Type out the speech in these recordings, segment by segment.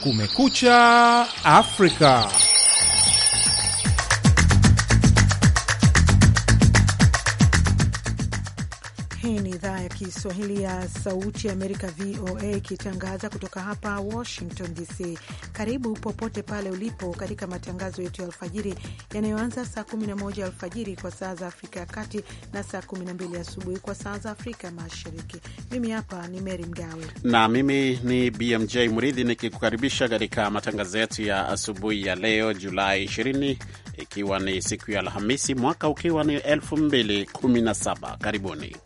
Kumekucha Afrika. idhaa ya Kiswahili ya Sauti ya Amerika, VOA, ikitangaza kutoka hapa Washington DC. Karibu popote pale ulipo katika matangazo yetu ya alfajiri yanayoanza saa 11 alfajiri kwa saa za Afrika ya Kati na saa 12 asubuhi kwa saa za Afrika Mashariki. Mimi hapa ni Mary Mgawe na mimi ni BMJ Mridhi nikikukaribisha katika matangazo yetu ya asubuhi ya leo Julai 20 ikiwa ni siku ya Alhamisi, mwaka ukiwa ni 2017. Karibuni.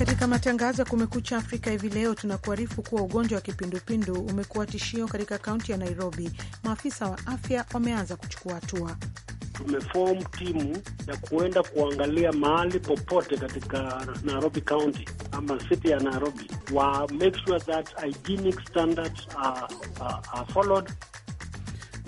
Katika matangazo ya Kumekucha Afrika hivi leo, tunakuarifu kuwa ugonjwa wa kipindupindu umekuwa tishio katika kaunti ya Nairobi. Maafisa wa afya wameanza kuchukua hatua. Tumefom timu ya kuenda kuangalia mahali popote katika Nairobi kaunti ama city ya Nairobi, wa make sure that hygienic standards are, are, are followed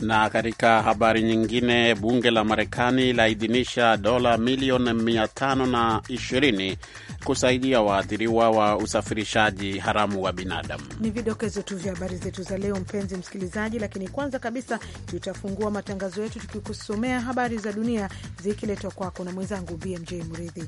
na katika habari nyingine, bunge la Marekani laidhinisha dola milioni 520 kusaidia waathiriwa wa usafirishaji haramu wa binadamu. Ni vidokezo tu vya habari zetu za leo, mpenzi msikilizaji, lakini kwanza kabisa tutafungua matangazo yetu tukikusomea habari za dunia zikiletwa kwako na mwenzangu BMJ Mridhi.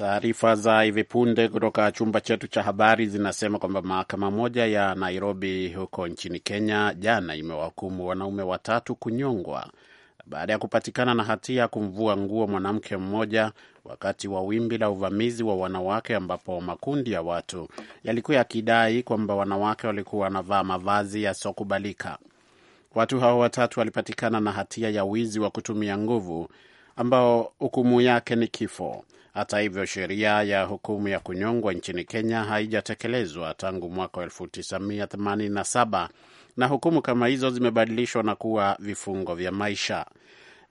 Taarifa za hivi punde kutoka chumba chetu cha habari zinasema kwamba mahakama moja ya Nairobi huko nchini Kenya jana imewahukumu wanaume watatu kunyongwa baada ya kupatikana na hatia ya kumvua nguo mwanamke mmoja wakati wa wimbi la uvamizi wa wanawake, ambapo makundi ya watu yalikuwa yakidai kwamba wanawake walikuwa wanavaa mavazi yasiokubalika. Watu hao watatu walipatikana na hatia ya wizi wa kutumia nguvu, ambao hukumu yake ni kifo. Hata hivyo, sheria ya hukumu ya kunyongwa nchini Kenya haijatekelezwa tangu mwaka 1987 na hukumu kama hizo zimebadilishwa na kuwa vifungo vya maisha.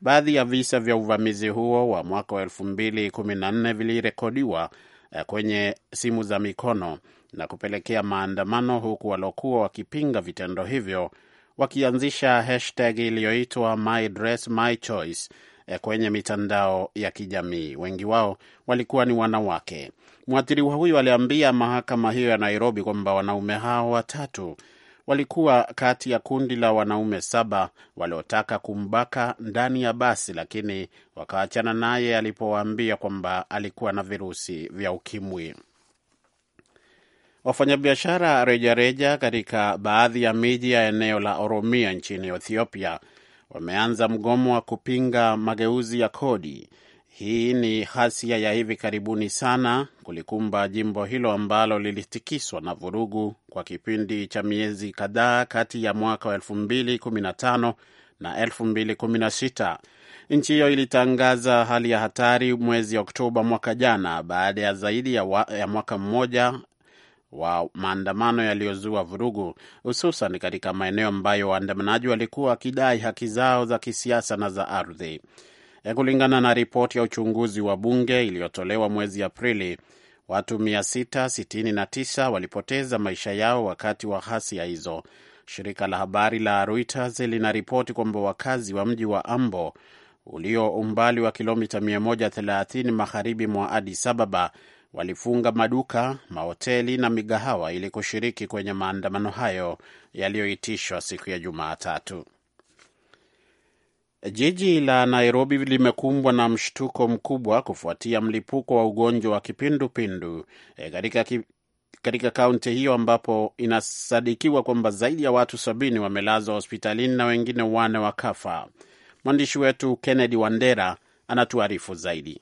Baadhi ya visa vya uvamizi huo wa mwaka wa 2014 vilirekodiwa eh, kwenye simu za mikono na kupelekea maandamano, huku waliokuwa wakipinga vitendo hivyo wakianzisha hashtag iliyoitwa My Dress My Choice Eh, kwenye mitandao ya kijamii. Wengi wao walikuwa ni wanawake. Mwathiriwa huyu aliambia mahakama hiyo ya Nairobi kwamba wanaume hao watatu walikuwa kati ya kundi la wanaume saba waliotaka kumbaka ndani ya basi, lakini wakaachana naye alipowaambia kwamba alikuwa na virusi vya ukimwi. Wafanyabiashara rejareja katika baadhi ya miji ya eneo la Oromia nchini Ethiopia wameanza mgomo wa kupinga mageuzi ya kodi. Hii ni hasia ya hivi karibuni sana kulikumba jimbo hilo ambalo lilitikiswa na vurugu kwa kipindi cha miezi kadhaa kati ya mwaka wa 2015 na 2016. Nchi hiyo ilitangaza hali ya hatari mwezi Oktoba mwaka jana baada ya zaidi ya, wa, ya mwaka mmoja wa maandamano yaliyozua vurugu, hususan katika maeneo ambayo waandamanaji walikuwa wakidai haki zao za kisiasa na za ardhi. E, kulingana na ripoti ya uchunguzi wa bunge iliyotolewa mwezi Aprili, watu 669 walipoteza maisha yao wakati wa ghasia hizo. Shirika la habari la Reuters linaripoti kwamba wakazi wa mji wa Ambo ulio umbali wa kilomita 130 magharibi mwa Addis Ababa walifunga maduka, mahoteli na migahawa ili kushiriki kwenye maandamano hayo yaliyoitishwa siku ya Jumatatu. Jiji la Nairobi limekumbwa na mshtuko mkubwa kufuatia mlipuko wa ugonjwa wa kipindupindu eh, katika katika kaunti hiyo ambapo inasadikiwa kwamba zaidi ya watu sabini wamelazwa hospitalini na wengine wane wakafa. Mwandishi wetu Kennedy Wandera anatuarifu zaidi.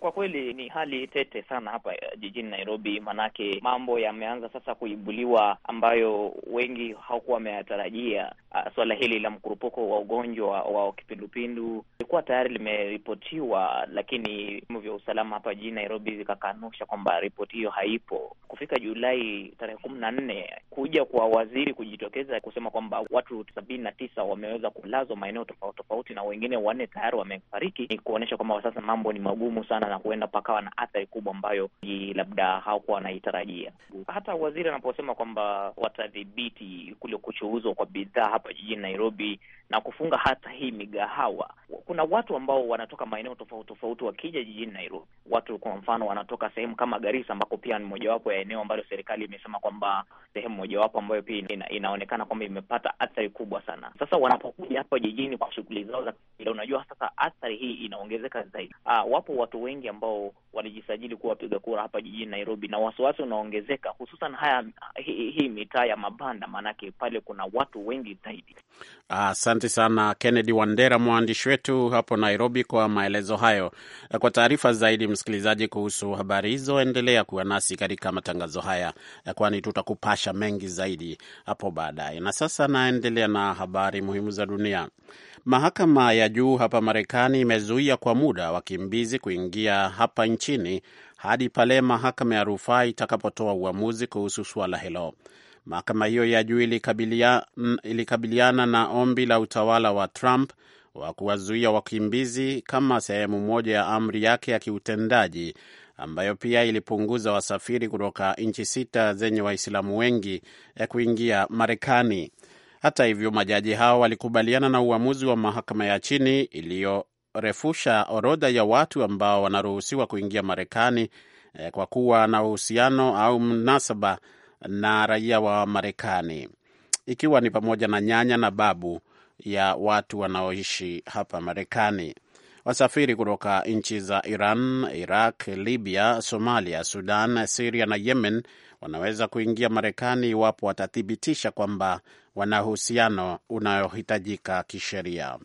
Kwa kweli ni hali tete sana hapa eh, jijini Nairobi, manake mambo yameanza sasa kuibuliwa ambayo wengi hawakuwa wameyatarajia. Ah, Suala hili la mkurupuko wa ugonjwa wa kipindupindu ilikuwa tayari limeripotiwa, lakini vyombo vya usalama hapa jijini Nairobi vikakanusha kwamba ripoti hiyo haipo kufika Julai tarehe kumi na nne kuja kwa waziri kujitokeza kusema kwamba watu sabini na tisa wameweza kulazwa maeneo tofauti tofauti na wengine wanne tayari wamefariki, ni kuonyesha kwamba sasa mambo ni magumu sana na huenda pakawa na athari kubwa ambayo labda hawakuwa wanaitarajia. Hata waziri anaposema kwamba watadhibiti kule kuchuuzwa kwa bidhaa hapa jijini Nairobi na kufunga hata hii migahawa kuna watu ambao wanatoka maeneo tofauti tofauti wakija jijini Nairobi. Watu kwa mfano wanatoka sehemu kama Garissa, ambako pia ni mojawapo ya eneo ambalo serikali imesema kwamba sehemu mojawapo ambayo pia ina, inaonekana kwamba imepata athari kubwa sana. Sasa wanapokuja hapa jijini kwa shughuli zao za kawaida, unajua sasa athari hii inaongezeka zaidi. Ah, wapo watu wengi ambao walijisajili kuwa wapiga kura hapa jijini Nairobi na wasiwasi unaongezeka, hususan haya hii hi, mitaa ya mabanda, maanake pale kuna watu wengi zaidi. Asante ah, sana Kennedy Wandera, mwandishi wetu wetu hapo Nairobi kwa maelezo hayo. Kwa taarifa zaidi, msikilizaji, kuhusu habari hizo, endelea kuwa nasi katika matangazo haya, kwani tutakupasha mengi zaidi hapo baadaye. Na sasa naendelea na habari muhimu za dunia. Mahakama ya juu hapa Marekani imezuia kwa muda wakimbizi kuingia hapa nchini hadi pale mahakama ya rufaa itakapotoa uamuzi kuhusu suala hilo. Mahakama hiyo ya juu ilikabiliana na ombi la utawala wa Trump wa kuwazuia wakimbizi kama sehemu moja ya amri yake ya kiutendaji ambayo pia ilipunguza wasafiri kutoka nchi sita zenye Waislamu wengi ya eh, kuingia Marekani. Hata hivyo, majaji hao walikubaliana na uamuzi wa mahakama ya chini iliyorefusha orodha ya watu ambao wanaruhusiwa kuingia Marekani eh, kwa kuwa na uhusiano au mnasaba na raia wa Marekani, ikiwa ni pamoja na nyanya na babu ya watu wanaoishi hapa Marekani. Wasafiri kutoka nchi za Iran, Iraq, Libya, Somalia, Sudan, Siria na Yemen wanaweza kuingia Marekani iwapo watathibitisha kwamba wana uhusiano unayohitajika kisheria.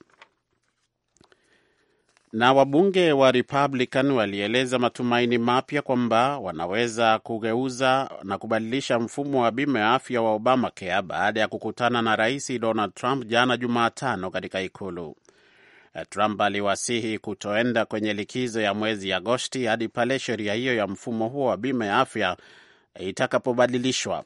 Na wabunge wa Republican walieleza matumaini mapya kwamba wanaweza kugeuza na kubadilisha mfumo wa bima ya afya wa Obamacare baada ya kukutana na Rais Donald Trump jana Jumatano katika ikulu. Trump aliwasihi kutoenda kwenye likizo ya mwezi Agosti hadi pale sheria hiyo ya mfumo huo wa bima ya afya itakapobadilishwa.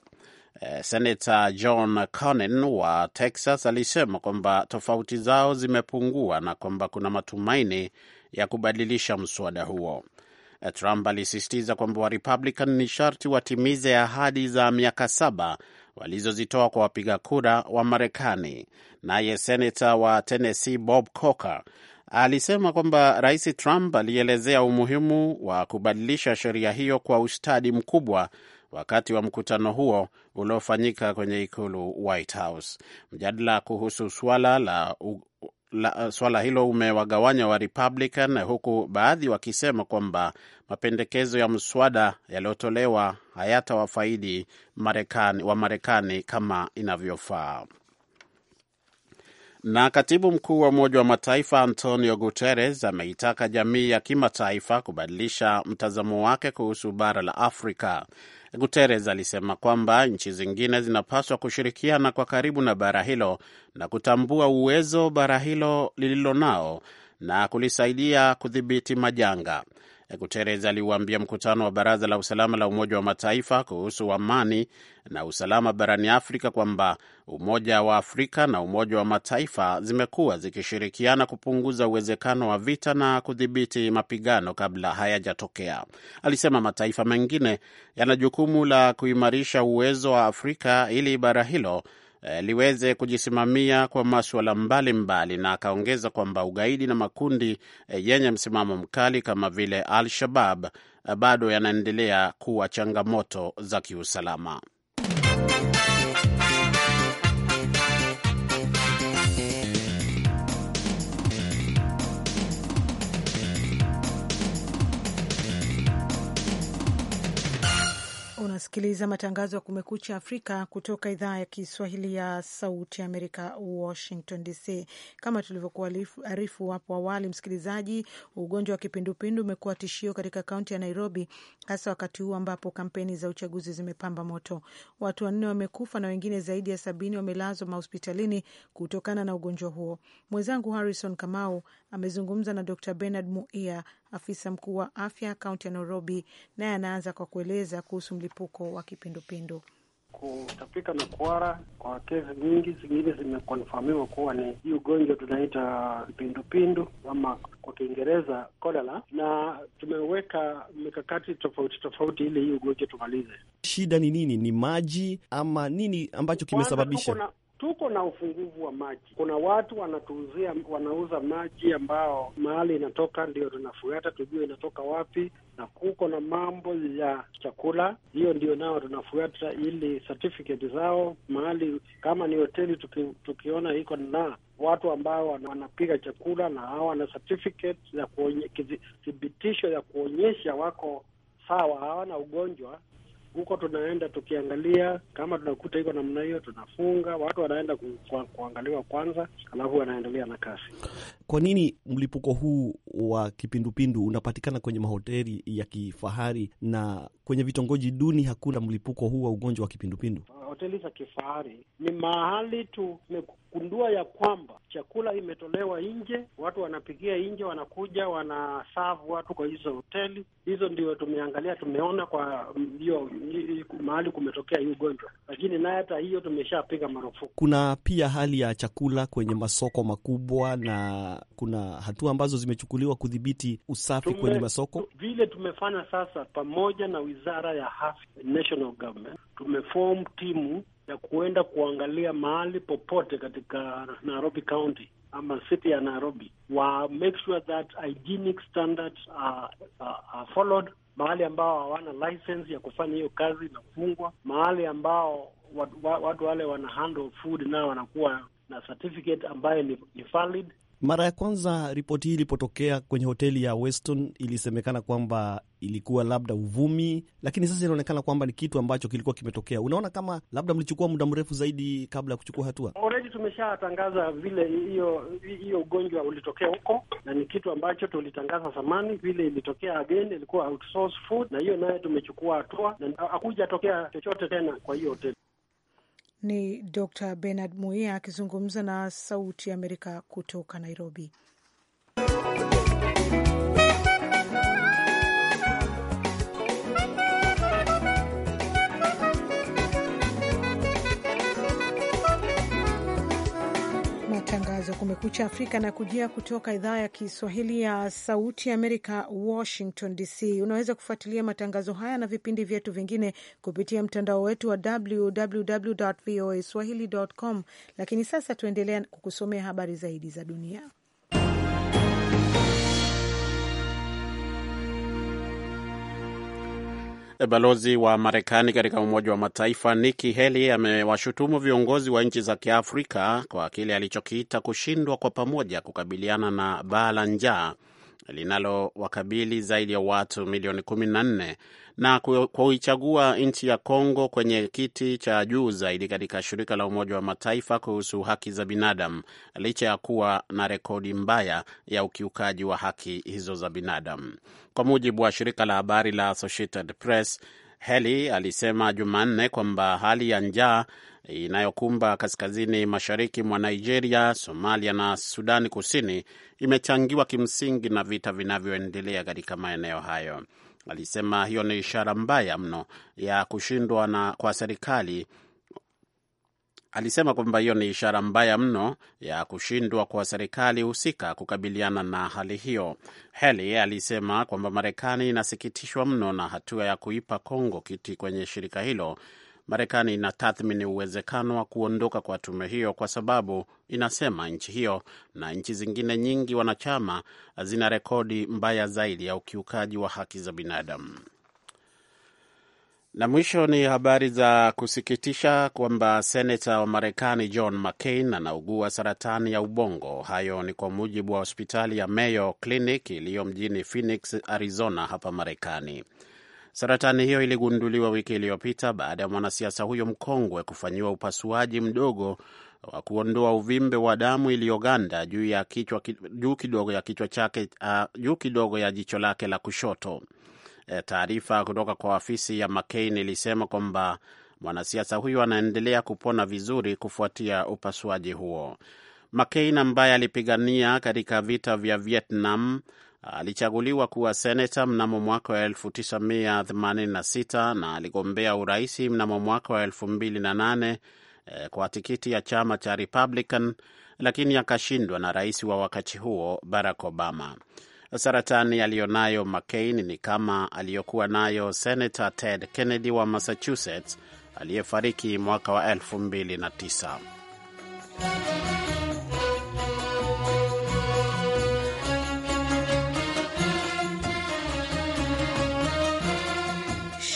Eh, senata John Cornyn wa Texas alisema kwamba tofauti zao zimepungua na kwamba kuna matumaini ya kubadilisha mswada huo. Eh, Trump alisisitiza kwamba Warepublican ni sharti watimize ahadi za miaka saba walizozitoa kwa wapiga kura wa Marekani. Naye senata wa Tennessee Bob Corker alisema kwamba Rais Trump alielezea umuhimu wa kubadilisha sheria hiyo kwa ustadi mkubwa wakati wa mkutano huo uliofanyika kwenye ikulu White House. Mjadala kuhusu swala la u... La, swala hilo umewagawanya wa Republican huku baadhi wakisema kwamba mapendekezo ya mswada yaliyotolewa hayatawafaidi Marekani wa Marekani kama inavyofaa. Na katibu mkuu wa Umoja wa Mataifa Antonio Guterres ameitaka jamii ya kimataifa kubadilisha mtazamo wake kuhusu bara la Afrika. Guterres alisema kwamba nchi zingine zinapaswa kushirikiana kwa karibu na bara hilo na kutambua uwezo bara hilo lililo nao na kulisaidia kudhibiti majanga. Guterres aliuambia mkutano wa Baraza la Usalama la Umoja wa Mataifa kuhusu amani na usalama barani Afrika kwamba Umoja wa Afrika na Umoja wa Mataifa zimekuwa zikishirikiana kupunguza uwezekano wa vita na kudhibiti mapigano kabla hayajatokea. Alisema mataifa mengine yana jukumu la kuimarisha uwezo wa Afrika ili bara hilo Eh, liweze kujisimamia kwa maswala mbalimbali, na akaongeza kwamba ugaidi na makundi eh, yenye msimamo mkali kama vile Al Shabab eh, bado yanaendelea kuwa changamoto za kiusalama. Unasikiliza matangazo ya Kumekucha Afrika kutoka idhaa ya Kiswahili ya Sauti ya Amerika, Washington DC. Kama tulivyokuwa arifu hapo awali, msikilizaji, ugonjwa wa kipindupindu umekuwa tishio katika kaunti ya Nairobi, hasa wakati huu ambapo kampeni za uchaguzi zimepamba moto. Watu wanne wamekufa na wengine zaidi ya sabini wamelazwa mahospitalini kutokana na ugonjwa huo. Mwenzangu Harrison Kamau amezungumza na Dr Bernard Muia, afisa mkuu wa afya kaunti ya Nairobi, naye anaanza kwa kueleza kuhusu mlipuko wa kipindupindu kutapika na kuhara kwa kesi nyingi zingine zimekonfamiwa kuwa ni hii ugonjwa tunaita pindupindu ama kwa Kiingereza kolera, na tumeweka mikakati tofauti tofauti ili hii ugonjwa tumalize. Shida ni nini? Ni maji ama nini ambacho kimesababisha? tuko na ufunguvu wa maji. Kuna watu wanatuuzia, wanauza maji ambao mahali inatoka ndio tunafuata, tujue inatoka wapi, na kuko na mambo ya chakula, hiyo ndio nao tunafuata, ili certificate zao mahali, kama ni hoteli tuki, tukiona iko na watu ambao wanapiga chakula na hawa na certificate ya thibitisho ya kuonyesha wako sawa, hawana ugonjwa huko tunaenda tukiangalia, kama tunakuta iko namna hiyo tunafunga, watu wanaenda ku, ku, kuangaliwa kwanza, alafu wanaendelea na kazi. Kwa nini mlipuko huu wa kipindupindu unapatikana kwenye mahoteli ya kifahari na kwenye vitongoji duni hakuna mlipuko huu wa ugonjwa wa kipindupindu? hoteli za kifahari ni mahali tumegundua ya kwamba chakula imetolewa nje, watu wanapikia nje, wanakuja wanasavu watu kwa hizo hoteli hizo. Ndio tumeangalia tumeona kwa hiyo mahali kumetokea hii ugonjwa, lakini naye hata hiyo tumeshapiga marufuku. Kuna pia hali ya chakula kwenye masoko makubwa, na kuna hatua ambazo zimechukuliwa kudhibiti usafi tume, kwenye masoko vile tumefanya sasa pamoja na wizara ya afya, national government tumeform timu ya kuenda kuangalia mahali popote katika Nairobi County ama city ya Nairobi, wa make sure that hygienic standards are, are, are followed. Mahali ambao hawana license ya kufanya hiyo kazi inafungwa. Mahali ambao watu wale wana handle food nao wanakuwa na certificate ambayo ni, ni valid. Mara ya kwanza ripoti hii ilipotokea kwenye hoteli ya Weston ilisemekana kwamba ilikuwa labda uvumi, lakini sasa inaonekana kwamba ni kitu ambacho kilikuwa kimetokea. Unaona kama labda mlichukua muda mrefu zaidi kabla ya kuchukua hatua? Already tumeshatangaza vile hiyo hiyo ugonjwa ulitokea huko, na ni kitu ambacho tulitangaza zamani. Vile ilitokea again, ilikuwa food, na hiyo naye tumechukua hatua, na hakujatokea chochote tena kwa hiyo hoteli. Ni Dr Bernard Muia akizungumza na Sauti ya Amerika kutoka Nairobi. Kumekucha Afrika na kujia kutoka idhaa ya Kiswahili ya Sauti ya Amerika, Washington DC. Unaweza kufuatilia matangazo haya na vipindi vyetu vingine kupitia mtandao wetu wa www voa swahili com, lakini sasa tuendelea kukusomea habari zaidi za dunia. Balozi wa Marekani katika Umoja wa Mataifa Nikki Haley amewashutumu viongozi wa nchi za Kiafrika kwa kile alichokiita kushindwa kwa pamoja kukabiliana na baa la njaa linalowakabili zaidi ya watu milioni kumi na nne na kuichagua nchi ya Kongo kwenye kiti cha juu zaidi katika shirika la Umoja wa Mataifa kuhusu haki za binadamu licha ya kuwa na rekodi mbaya ya ukiukaji wa haki hizo za binadamu. Kwa mujibu wa shirika la habari la Associated Press, Heli alisema Jumanne kwamba hali ya njaa inayokumba kaskazini mashariki mwa Nigeria, Somalia na Sudani Kusini imechangiwa kimsingi na vita vinavyoendelea katika maeneo hayo. Alisema hiyo ni ishara mbaya mno ya kushindwa na kwa serikali Alisema kwamba hiyo ni ishara mbaya mno ya kushindwa kwa serikali husika kukabiliana na hali hiyo. Heli alisema kwamba Marekani inasikitishwa mno na hatua ya kuipa Kongo kiti kwenye shirika hilo. Marekani inatathmini uwezekano wa kuondoka kwa tume hiyo kwa sababu inasema nchi hiyo na nchi zingine nyingi wanachama zina rekodi mbaya zaidi ya ukiukaji wa haki za binadamu. Na mwisho ni habari za kusikitisha kwamba senata wa Marekani John McCain anaugua saratani ya ubongo. Hayo ni kwa mujibu wa hospitali ya Mayo Clinic iliyo mjini Phoenix, Arizona, hapa Marekani. Saratani hiyo iligunduliwa wiki iliyopita baada ya mwanasiasa huyo mkongwe kufanyiwa upasuaji mdogo wa kuondoa uvimbe wa damu iliyoganda juu kidogo ya kichwa chake, uh, juu kidogo ya jicho lake la kushoto. E, taarifa kutoka kwa afisi ya McCain ilisema kwamba mwanasiasa huyo anaendelea kupona vizuri kufuatia upasuaji huo. McCain ambaye alipigania katika vita vya Vietnam alichaguliwa kuwa seneta mnamo mwaka wa 1986 na aligombea uraisi mnamo mwaka wa 2008 e, kwa tikiti ya chama cha Republican, lakini akashindwa na rais wa wakati huo Barack Obama. Saratani aliyonayo McCain ni kama aliyokuwa nayo Senator Ted Kennedy wa Massachusetts aliyefariki mwaka wa 2009.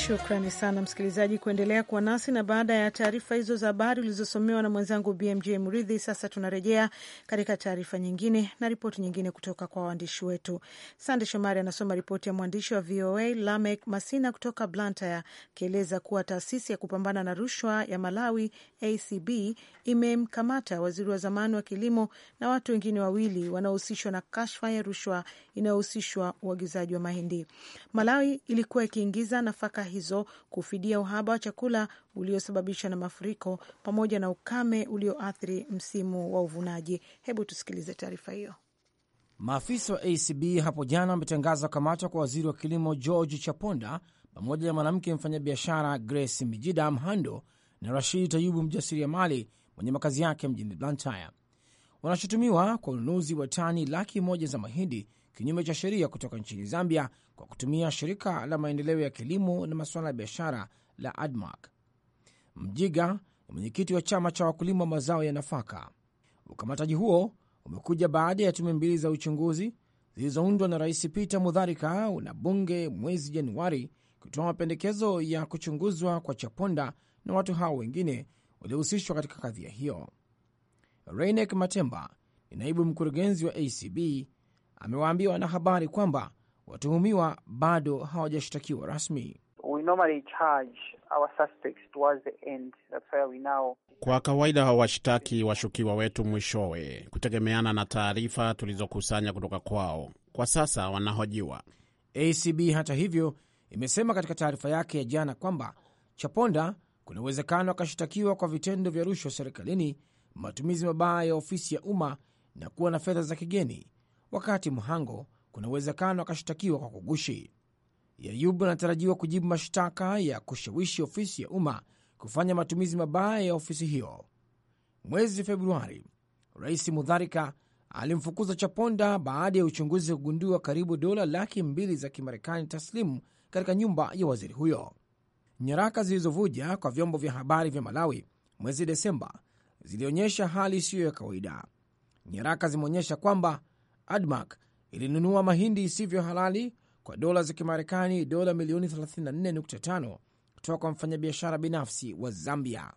Shukrani sana msikilizaji kuendelea kuwa nasi, na baada ya taarifa hizo za habari ulizosomewa na mwenzangu BMJ Mridhi, sasa tunarejea katika taarifa nyingine na ripoti nyingine kutoka kwa waandishi wetu. Sande Shomari anasoma ripoti ya mwandishi wa VOA Lamek Masina kutoka Blantyre akieleza kuwa taasisi ya kupambana na rushwa ya Malawi ACB imemkamata waziri wa zamani wa kilimo na watu wengine wawili wanaohusishwa na kashfa ya rushwa inayohusishwa uagizaji wa mahindi. Malawi ilikuwa ikiingiza nafaka hizo kufidia uhaba wa chakula uliosababishwa na mafuriko pamoja na ukame ulioathiri msimu wa uvunaji. Hebu tusikilize taarifa hiyo. Maafisa wa ACB hapo jana wametangaza kukamatwa kwa waziri wa kilimo George Chaponda pamoja na mwanamke mfanyabiashara Grace Mijida Mhando na Rashid Tayubu, mjasiriamali mwenye makazi yake mjini Blantyre. Wanashutumiwa kwa ununuzi wa tani laki moja za mahindi kinyume cha sheria kutoka nchini Zambia kwa kutumia shirika la maendeleo ya kilimo na masuala ya biashara la ADMAC. Mjiga ni mwenyekiti wa chama cha wakulima wa mazao ya nafaka. Ukamataji huo umekuja baada ya tume mbili za uchunguzi zilizoundwa na Rais Peter Mutharika na bunge mwezi Januari kutoa mapendekezo ya kuchunguzwa kwa Chaponda na watu hao wengine waliohusishwa katika kadhia hiyo. Reinek Matemba ni naibu mkurugenzi wa ACB amewaambia wanahabari kwamba watuhumiwa bado hawajashtakiwa rasmi. Kwa kawaida hawashtaki washukiwa wetu mwishowe, kutegemeana na taarifa tulizokusanya kutoka kwao. Kwa sasa wanahojiwa. ACB hata hivyo imesema katika taarifa yake ya jana kwamba Chaponda kuna uwezekano akashitakiwa kwa vitendo vya rushwa serikalini, matumizi mabaya ya ofisi ya umma na kuwa na fedha za kigeni, wakati Mhango kuna uwezekano akashtakiwa kwa kugushi. Yayubu anatarajiwa kujibu mashtaka ya kushawishi ofisi ya umma kufanya matumizi mabaya ya ofisi hiyo. Mwezi Februari, Rais Mudharika alimfukuza Chaponda baada ya uchunguzi wa kugundua karibu dola laki mbili za Kimarekani taslimu katika nyumba ya waziri huyo. Nyaraka zilizovuja kwa vyombo vya habari vya Malawi mwezi Desemba zilionyesha hali isiyo ya kawaida. Nyaraka zimeonyesha kwamba ADMAK ilinunua mahindi isivyo halali kwa dola za Kimarekani dola milioni 34.5 kutoka kwa mfanyabiashara binafsi wa Zambia.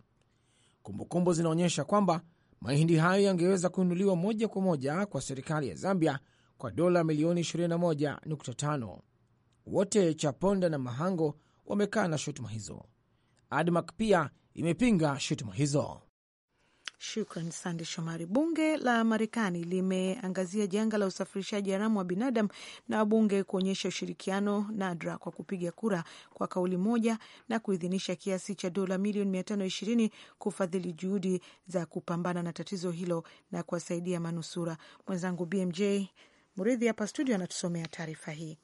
Kumbukumbu zinaonyesha kwamba mahindi hayo yangeweza kununuliwa moja kwa moja kwa serikali ya Zambia kwa dola milioni 21.5. Wote Chaponda na Mahango wamekaa na shutuma hizo. ADMAK pia imepinga shutuma hizo. Shukran sande Shomari. Bunge la Marekani limeangazia janga la usafirishaji haramu wa binadamu na wabunge kuonyesha ushirikiano nadra kwa kupiga kura kwa kauli moja na kuidhinisha kiasi cha dola milioni mia tano ishirini kufadhili juhudi za kupambana na tatizo hilo na kuwasaidia manusura. Mwenzangu BMJ Mridhi hapa studio anatusomea taarifa hii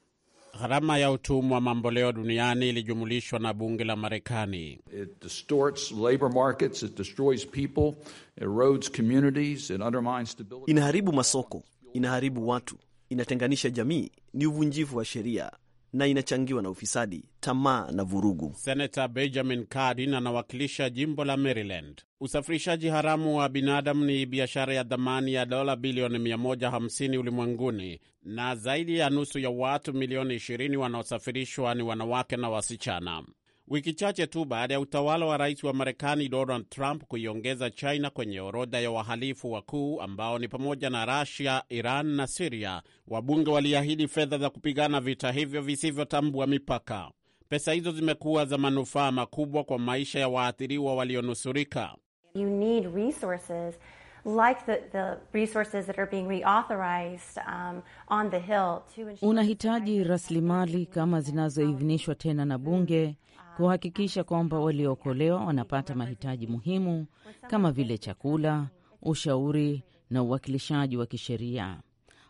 gharama ya utumwa mamboleo duniani ilijumulishwa na bunge la Marekani. Inaharibu masoko, inaharibu watu, inatenganisha jamii, ni uvunjivu wa sheria, na inachangiwa na ufisadi, tamaa na vurugu. Senata Benjamin Cardin anawakilisha jimbo la Maryland. Usafirishaji haramu wa binadamu ni biashara ya thamani ya dola bilioni 150 ulimwenguni, na zaidi ya nusu ya watu milioni 20 wanaosafirishwa ni wanawake na wasichana wiki chache tu baada ya utawala wa rais wa Marekani Donald Trump kuiongeza China kwenye orodha ya wahalifu wakuu ambao ni pamoja na Rusia, Iran na Siria, wabunge waliahidi fedha za kupigana vita hivyo visivyotambua mipaka. Pesa hizo zimekuwa za manufaa makubwa kwa maisha ya waathiriwa walionusurika. You need resources like the, the resources that are being reauthorized, um, on the Hill to... unahitaji rasilimali kama zinazoidhinishwa tena na bunge kuhakikisha kwamba waliookolewa wanapata mahitaji muhimu kama vile chakula, ushauri na uwakilishaji wa kisheria.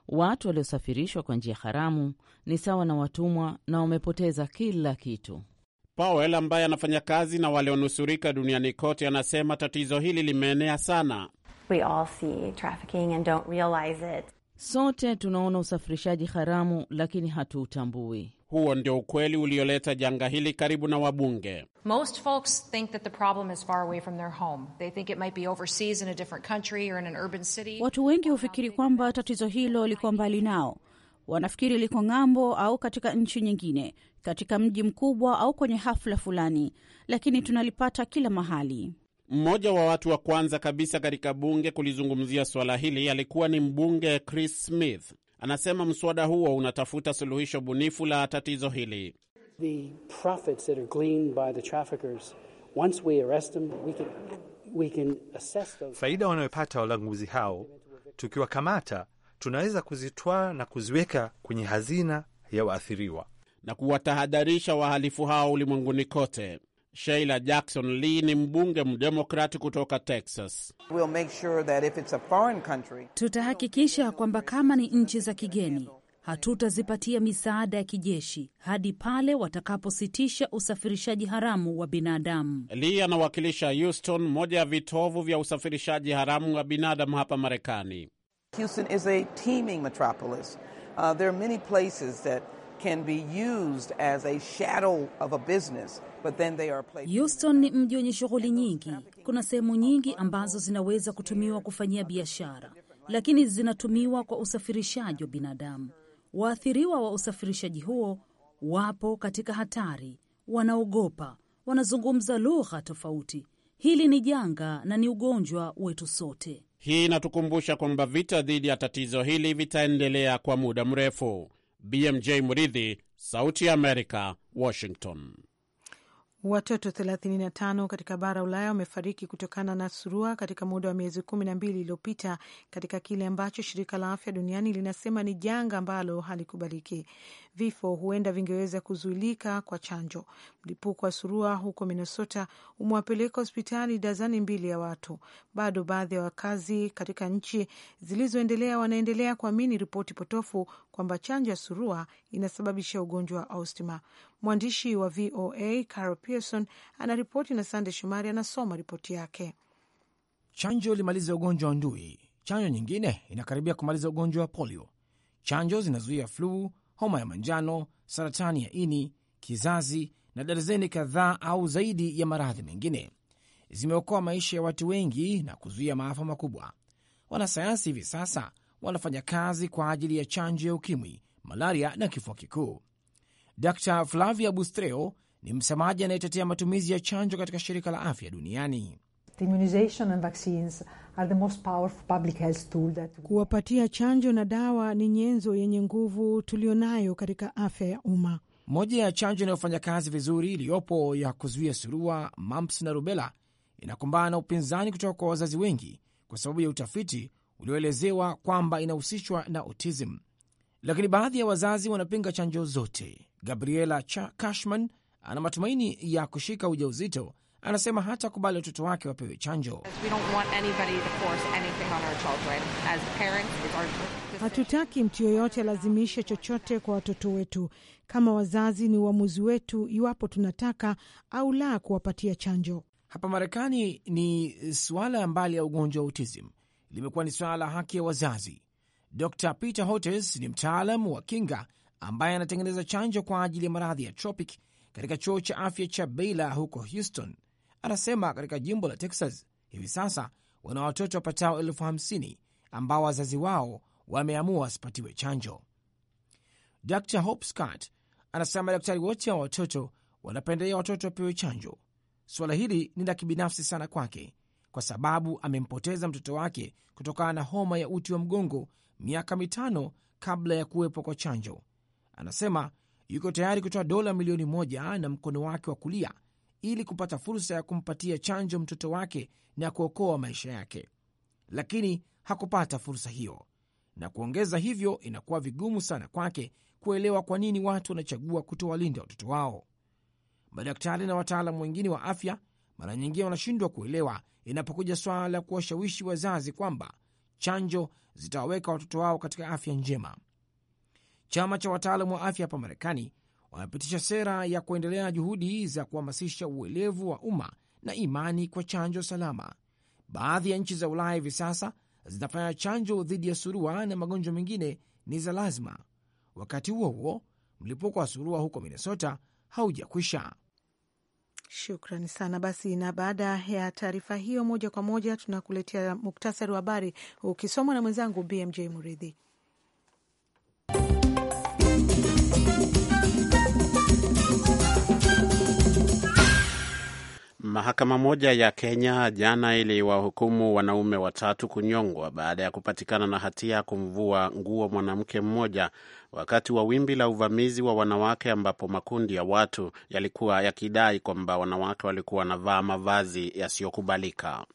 Watu waliosafirishwa kwa njia haramu ni sawa na watumwa na wamepoteza kila kitu. Powell ambaye anafanya kazi na walionusurika duniani kote anasema tatizo hili limeenea sana. We all see trafficking and don't realize it. Sote tunaona usafirishaji haramu, lakini hatuutambui. Huo ndio ukweli ulioleta janga hili karibu na wabunge. Most folks think that the problem is far away from their home. They think it might be overseas in a different country or in an urban city. Watu wengi hufikiri kwamba tatizo hilo liko mbali nao, wanafikiri liko ng'ambo au katika nchi nyingine, katika mji mkubwa au kwenye hafla fulani, lakini tunalipata kila mahali. Mmoja wa watu wa kwanza kabisa katika bunge kulizungumzia suala hili alikuwa ni mbunge Chris Smith. Anasema mswada huo unatafuta suluhisho bunifu la tatizo hili. faida wanayopata walanguzi hao, tukiwakamata tunaweza kuzitwaa na kuziweka kwenye hazina ya waathiriwa na kuwatahadharisha wahalifu hao ulimwenguni kote. Sheila Jackson Lee ni mbunge mdemokrati kutoka Texas. We'll make sure that if it's a foreign country... tutahakikisha kwamba kama ni nchi za kigeni hatutazipatia misaada ya kijeshi hadi pale watakapositisha usafirishaji haramu wa binadamu. Lee anawakilisha Houston, moja ya vitovu vya usafirishaji haramu wa binadamu hapa Marekani. Houston is a teeming metropolis. Uh, there are many places that can be used as a shadow of a business. But then they are placed... Houston ni mji wenye shughuli nyingi. Kuna sehemu nyingi ambazo zinaweza kutumiwa kufanyia biashara, lakini zinatumiwa kwa usafirishaji wa binadamu. Waathiriwa wa usafirishaji huo wapo katika hatari, wanaogopa, wanazungumza lugha tofauti. Hili ni janga na ni ugonjwa wetu sote. Hii inatukumbusha kwamba vita dhidi ya tatizo hili vitaendelea kwa muda mrefu. BMJ Muridhi, Sauti ya Amerika, Washington. Watoto 35 katika bara Ulaya wamefariki kutokana na surua katika muda wa miezi kumi na mbili iliyopita katika kile ambacho shirika la afya duniani linasema ni janga ambalo halikubaliki. Vifo huenda vingeweza kuzuilika kwa chanjo. Mlipuko wa surua huko Minnesota umewapeleka hospitali dazani mbili ya watu. Bado baadhi ya wakazi katika nchi zilizoendelea wanaendelea kuamini ripoti potofu kwamba chanjo ya surua inasababisha ugonjwa wa austima. Mwandishi wa VOA Carol Pearson anaripoti na Sande Shumari anasoma ripoti yake. Chanjo ilimaliza ugonjwa wa ndui. Chanjo nyingine inakaribia kumaliza ugonjwa wa polio. Chanjo zinazuia flu, homa ya manjano, saratani ya ini, kizazi na darzeni kadhaa au zaidi ya maradhi mengine. Zimeokoa maisha ya watu wengi na kuzuia maafa makubwa. Wanasayansi hivi sasa wanafanya kazi kwa ajili ya chanjo ya ukimwi, malaria na kifua kikuu. Dr Flavia Bustreo ni msemaji anayetetea matumizi ya chanjo katika shirika la afya duniani. Kuwapatia chanjo na dawa ni nyenzo yenye nguvu tuliyonayo katika afya ya umma. Moja ya chanjo inayofanya kazi vizuri iliyopo ya kuzuia surua, mumps na rubela inakumbana na upinzani kutoka kwa wazazi wengi kwa sababu ya utafiti ulioelezewa kwamba inahusishwa na autism lakini baadhi ya wazazi wanapinga chanjo zote. Gabriela Cashman ana matumaini ya kushika ujauzito. Anasema hata kubali watoto wake wapewe chanjo. Hatutaki mtu yoyote alazimishe chochote kwa watoto wetu. Kama wazazi, ni uamuzi wetu iwapo tunataka au la kuwapatia chanjo. Hapa Marekani ni suala mbali ya ugonjwa wa autism, limekuwa ni suala la haki ya wazazi Dr Peter Hotes ni mtaalam wa kinga ambaye anatengeneza chanjo kwa ajili ya maradhi ya tropic katika chuo cha afya cha Baylor huko Houston. Anasema katika jimbo la Texas hivi sasa wana watoto wapatao elfu hamsini ambao wazazi wao wameamua wasipatiwe chanjo. Dr hopscart anasema madaktari wote wa watoto wanapendelea watoto wapewe chanjo. Suala hili ni la kibinafsi sana kwake, kwa sababu amempoteza mtoto wake kutokana na homa ya uti wa mgongo miaka mitano kabla ya kuwepo kwa chanjo. Anasema yuko tayari kutoa dola milioni moja na mkono wake wa kulia ili kupata fursa ya kumpatia chanjo mtoto wake na kuokoa maisha yake, lakini hakupata fursa hiyo, na kuongeza hivyo, inakuwa vigumu sana kwake kuelewa kwa nini watu wanachagua kutowalinda watoto wao. Madaktari na wataalamu wengine wa afya mara nyingine wanashindwa kuelewa inapokuja swala la kuwashawishi wazazi kwamba chanjo zitawaweka watoto wao katika afya njema. Chama cha wataalamu wa afya hapa Marekani wamepitisha sera ya kuendelea juhudi za kuhamasisha uelevu wa umma na imani kwa chanjo salama. Baadhi ya nchi za Ulaya hivi sasa zinafanya chanjo dhidi ya surua na magonjwa mengine ni za lazima. Wakati huo huo, mlipuko wa surua huko Minnesota haujakwisha. Shukrani sana. Basi, na baada ya taarifa hiyo, moja kwa moja tunakuletea muktasari wa habari ukisomwa na mwenzangu BMJ Muridhi. Mahakama moja ya Kenya jana iliwahukumu wanaume watatu kunyongwa baada ya kupatikana na hatia ya kumvua nguo mwanamke mmoja wakati wa wimbi la uvamizi wa wanawake, ambapo makundi ya watu yalikuwa yakidai kwamba wanawake walikuwa wanavaa mavazi yasiyokubalika.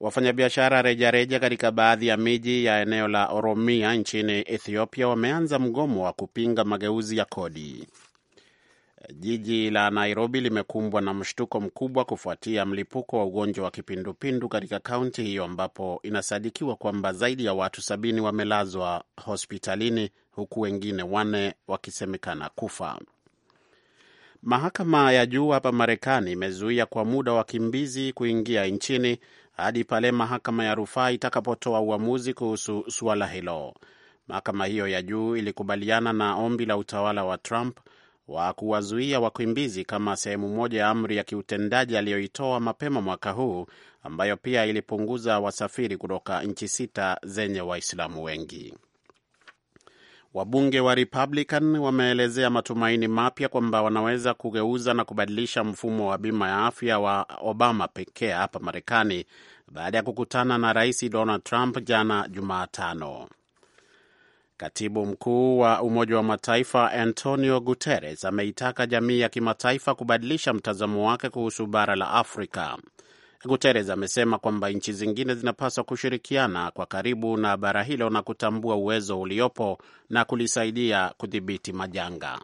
Wafanyabiashara rejareja katika baadhi ya miji ya eneo la Oromia nchini Ethiopia wameanza mgomo wa kupinga mageuzi ya kodi. Jiji la Nairobi limekumbwa na mshtuko mkubwa kufuatia mlipuko wa ugonjwa wa kipindupindu katika kaunti hiyo ambapo inasadikiwa kwamba zaidi ya watu sabini wamelazwa hospitalini huku wengine wanne wakisemekana kufa. Mahakama ya juu hapa Marekani imezuia kwa muda wakimbizi kuingia nchini hadi pale mahakama ya rufaa itakapotoa uamuzi kuhusu suala hilo. Mahakama hiyo ya juu ilikubaliana na ombi la utawala wa Trump wa kuwazuia wakimbizi kama sehemu moja ya amri ya kiutendaji aliyoitoa mapema mwaka huu ambayo pia ilipunguza wasafiri kutoka nchi sita zenye Waislamu wengi. Wabunge wa Republican wameelezea matumaini mapya kwamba wanaweza kugeuza na kubadilisha mfumo wa bima ya afya wa Obama pekee hapa Marekani baada ya kukutana na Rais Donald Trump jana Jumatano. Katibu mkuu wa Umoja wa Mataifa Antonio Guterres ameitaka jamii ya kimataifa kubadilisha mtazamo wake kuhusu bara la Afrika. Guterres amesema kwamba nchi zingine zinapaswa kushirikiana kwa karibu na bara hilo na kutambua uwezo uliopo na kulisaidia kudhibiti majanga.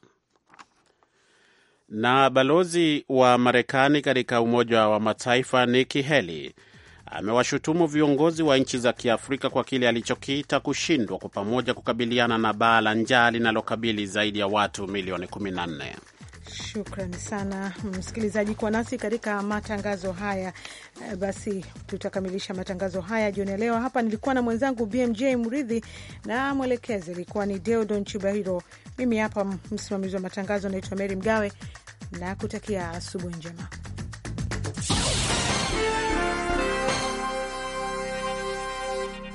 Na balozi wa Marekani katika Umoja wa Mataifa Nikki Haley amewashutumu viongozi wa nchi za Kiafrika kwa kile alichokiita kushindwa kwa pamoja kukabiliana na baa la njaa linalokabili zaidi ya watu milioni 14. Shukrani sana msikilizaji kwa nasi katika matangazo haya. Eh, basi tutakamilisha matangazo haya jioni ya leo. Hapa nilikuwa na mwenzangu BMJ Mridhi na mwelekezi ilikuwa ni Deodon Chubahiro. Mimi hapa msimamizi wa matangazo naitwa Meri Mgawe na kutakia asubuhi njema.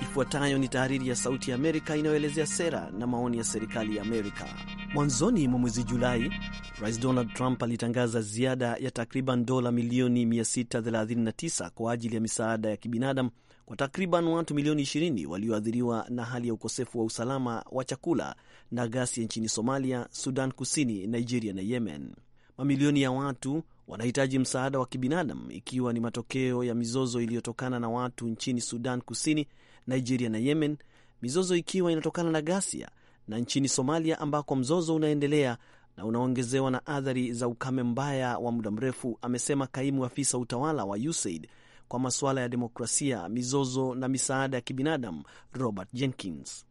Ifuatayo ni tahariri ya Sauti ya Amerika inayoelezea sera na maoni ya serikali ya Amerika. Mwanzoni mwa mwezi Julai, Rais Donald Trump alitangaza ziada ya takriban dola milioni 639 kwa ajili ya misaada ya kibinadamu kwa takriban watu milioni 20 walioathiriwa na hali ya ukosefu wa usalama wa chakula na ghasia nchini Somalia, Sudan Kusini, Nigeria na Yemen. Mamilioni ya watu wanahitaji msaada wa kibinadamu ikiwa ni matokeo ya mizozo iliyotokana na watu nchini Sudan Kusini Nigeria na Yemen, mizozo ikiwa inatokana na ghasia, na nchini Somalia ambako mzozo unaendelea na unaongezewa na athari za ukame mbaya wa muda mrefu, amesema kaimu afisa utawala wa USAID kwa masuala ya demokrasia, mizozo na misaada ya kibinadamu Robert Jenkins.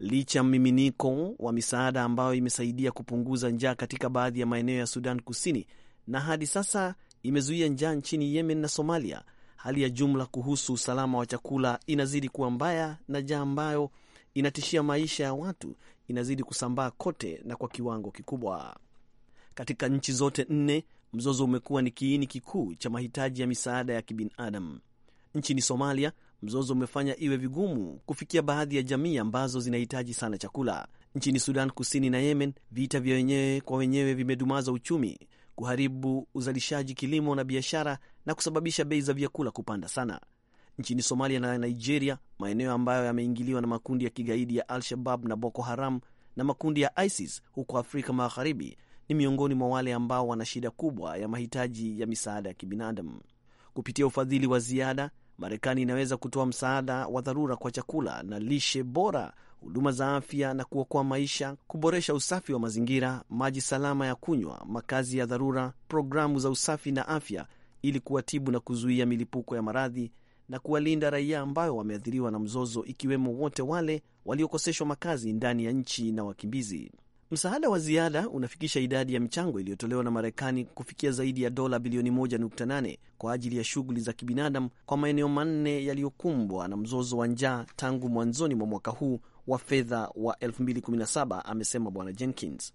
Licha ya mmiminiko wa misaada ambayo imesaidia kupunguza njaa katika baadhi ya maeneo ya Sudan Kusini na hadi sasa imezuia njaa nchini Yemen na Somalia, hali ya jumla kuhusu usalama wa chakula inazidi kuwa mbaya na jaa ambayo inatishia maisha ya watu inazidi kusambaa kote na kwa kiwango kikubwa. Katika nchi zote nne, mzozo umekuwa ni kiini kikuu cha mahitaji ya misaada ya kibinadamu. Nchini Somalia, mzozo umefanya iwe vigumu kufikia baadhi ya jamii ambazo zinahitaji sana chakula. Nchini Sudan Kusini na Yemen, vita vya wenyewe kwa wenyewe vimedumaza uchumi kuharibu uzalishaji kilimo na biashara na kusababisha bei za vyakula kupanda sana. Nchini Somalia na Nigeria, maeneo ambayo yameingiliwa na makundi ya kigaidi ya Al-Shabab na Boko Haram na makundi ya ISIS huko Afrika Magharibi ni miongoni mwa wale ambao wana shida kubwa ya mahitaji ya misaada ya kibinadamu. Kupitia ufadhili wa ziada, Marekani inaweza kutoa msaada wa dharura kwa chakula na lishe bora, huduma za afya na kuokoa maisha, kuboresha usafi wa mazingira, maji salama ya kunywa, makazi ya dharura, programu za usafi na afya, ili kuwatibu na kuzuia milipuko ya maradhi na kuwalinda raia ambayo wameathiriwa na mzozo, ikiwemo wote wale waliokoseshwa makazi ndani ya nchi na wakimbizi. Msaada wa ziada unafikisha idadi ya michango iliyotolewa na Marekani kufikia zaidi ya dola bilioni 1.8 kwa ajili ya shughuli za kibinadamu kwa maeneo manne yaliyokumbwa na mzozo wa njaa tangu mwanzoni mwa mwaka huu wa fedha wa 2017, amesema Bwana Jenkins.